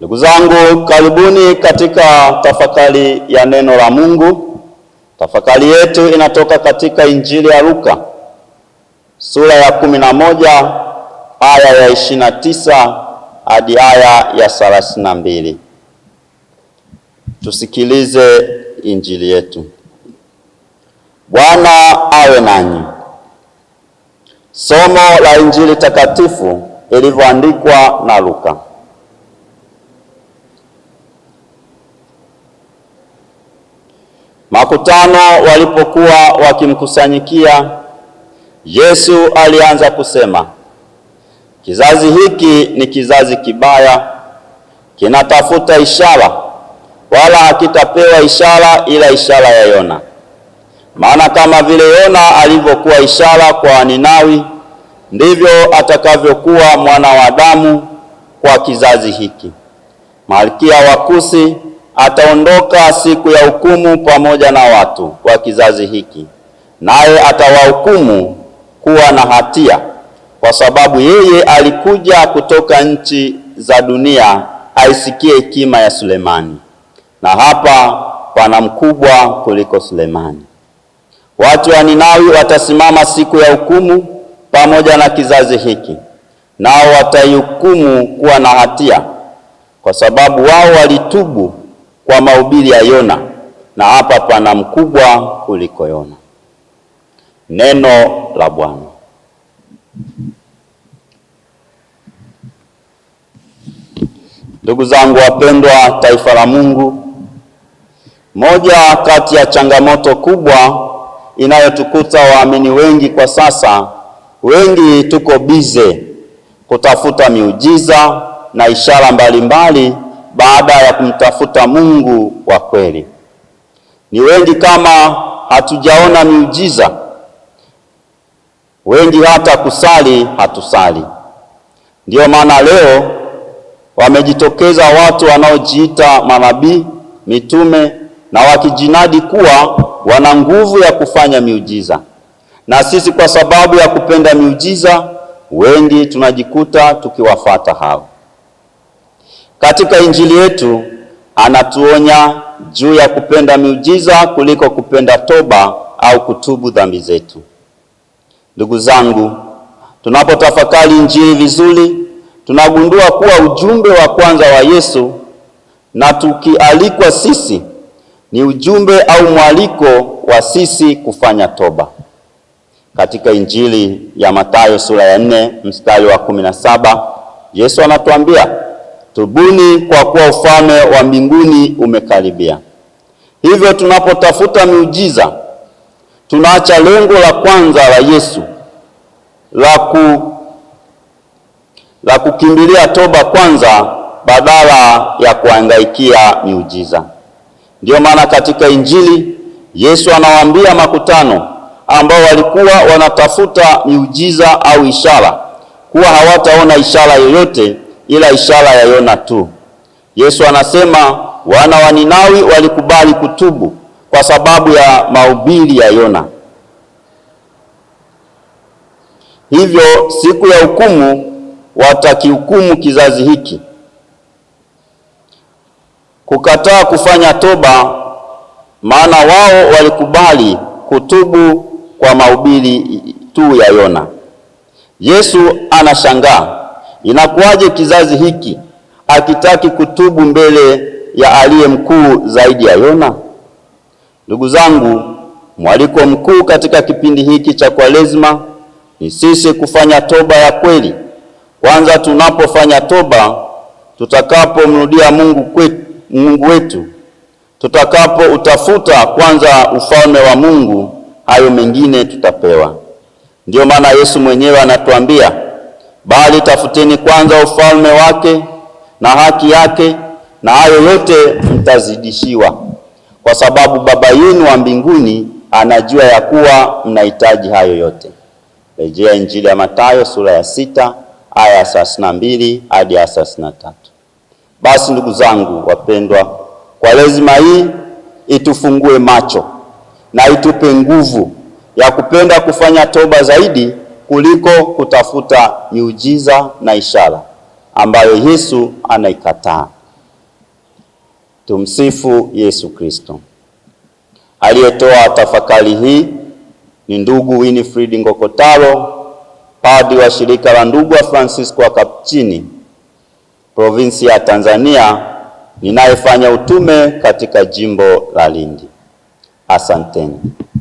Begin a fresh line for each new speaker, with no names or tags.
Ndugu zangu, karibuni katika tafakari ya neno la Mungu. Tafakari yetu inatoka katika Injili ya Luka sura ya kumi na moja aya ya ishirini na tisa hadi aya ya thelathini na mbili. Tusikilize injili yetu. Bwana awe nanyi. Somo la Injili takatifu ilivyoandikwa na Luka. Makutano walipokuwa wakimkusanyikia Yesu, alianza kusema, kizazi hiki ni kizazi kibaya, kinatafuta ishara, wala hakitapewa ishara ila ishara ya Yona. Maana kama vile Yona alivyokuwa ishara kwa Ninawi, ndivyo atakavyokuwa mwana wa Adamu kwa kizazi hiki. Malkia wa Kusi ataondoka siku ya hukumu pamoja na watu wa kizazi hiki, naye atawahukumu kuwa na hatia, kwa sababu yeye alikuja kutoka nchi za dunia aisikie hekima ya Sulemani, na hapa pana mkubwa kuliko Sulemani. Watu wa Ninawi watasimama siku ya hukumu pamoja na kizazi hiki, nao wataihukumu kuwa na hatia, kwa sababu wao walitubu kwa mahubiri ya Yona, na hapa pana mkubwa kuliko Yona. Neno la Bwana. Ndugu zangu wapendwa, taifa la Mungu, moja kati ya changamoto kubwa inayotukuta waamini wengi kwa sasa, wengi tuko bize kutafuta miujiza na ishara mbalimbali mbali baada ya kumtafuta Mungu wa kweli. Ni wengi kama hatujaona miujiza, wengi hata kusali hatusali. Ndiyo maana leo wamejitokeza watu wanaojiita manabii, mitume na wakijinadi kuwa wana nguvu ya kufanya miujiza, na sisi kwa sababu ya kupenda miujiza wengi tunajikuta tukiwafata hao. Katika Injili yetu anatuonya juu ya kupenda miujiza kuliko kupenda toba au kutubu dhambi zetu. Ndugu zangu, tunapotafakari Injili vizuri, tunagundua kuwa ujumbe wa kwanza wa Yesu na tukialikwa sisi ni ujumbe au mwaliko wa sisi kufanya toba. Katika Injili ya Mathayo sura ya 4 mstari wa 17 Yesu anatuambia Tubuni kwa kuwa ufalme wa mbinguni umekaribia. Hivyo tunapotafuta miujiza, tunaacha lengo la kwanza la Yesu la ku la kukimbilia toba kwanza badala ya kuangaikia miujiza. Ndiyo maana katika Injili Yesu anawaambia makutano ambao walikuwa wanatafuta miujiza au ishara kuwa hawataona ishara yoyote ila ishara ya Yona tu. Yesu anasema wana wa Ninawi walikubali kutubu kwa sababu ya mahubiri ya Yona. Hivyo siku ya hukumu watakihukumu kizazi hiki. Kukataa kufanya toba, maana wao walikubali kutubu kwa mahubiri tu ya Yona. Yesu anashangaa Inakuwaje kizazi hiki akitaki kutubu mbele ya aliye mkuu zaidi ya Yona? Ndugu zangu, mwaliko mkuu katika kipindi hiki cha Kwaresma ni sisi kufanya toba ya kweli. Kwanza tunapofanya toba, tutakapomrudia Mungu kwetu, Mungu wetu, tutakapoutafuta kwanza ufalme wa Mungu, hayo mengine tutapewa. Ndiyo maana Yesu mwenyewe anatuambia bali tafuteni kwanza ufalme wake na haki yake, na hayo yote mtazidishiwa, kwa sababu Baba yenu wa mbinguni anajua ya kuwa mnahitaji hayo yote. Rejea Injili ya Mathayo sura ya sita aya ya thelathini na mbili hadi ya thelathini na tatu. Basi ndugu zangu wapendwa, kwa lazima hii itufungue macho na itupe nguvu ya kupenda kufanya toba zaidi kuliko kutafuta miujiza na ishara ambayo Yesu anaikataa. Tumsifu Yesu Kristo. Aliyetoa tafakari hii ni ndugu Winifred Ngokotalo, padri wa shirika la ndugu wa Francisco wa Kapuchini, provinsi ya Tanzania, ninayefanya utume katika jimbo la Lindi. Asanteni.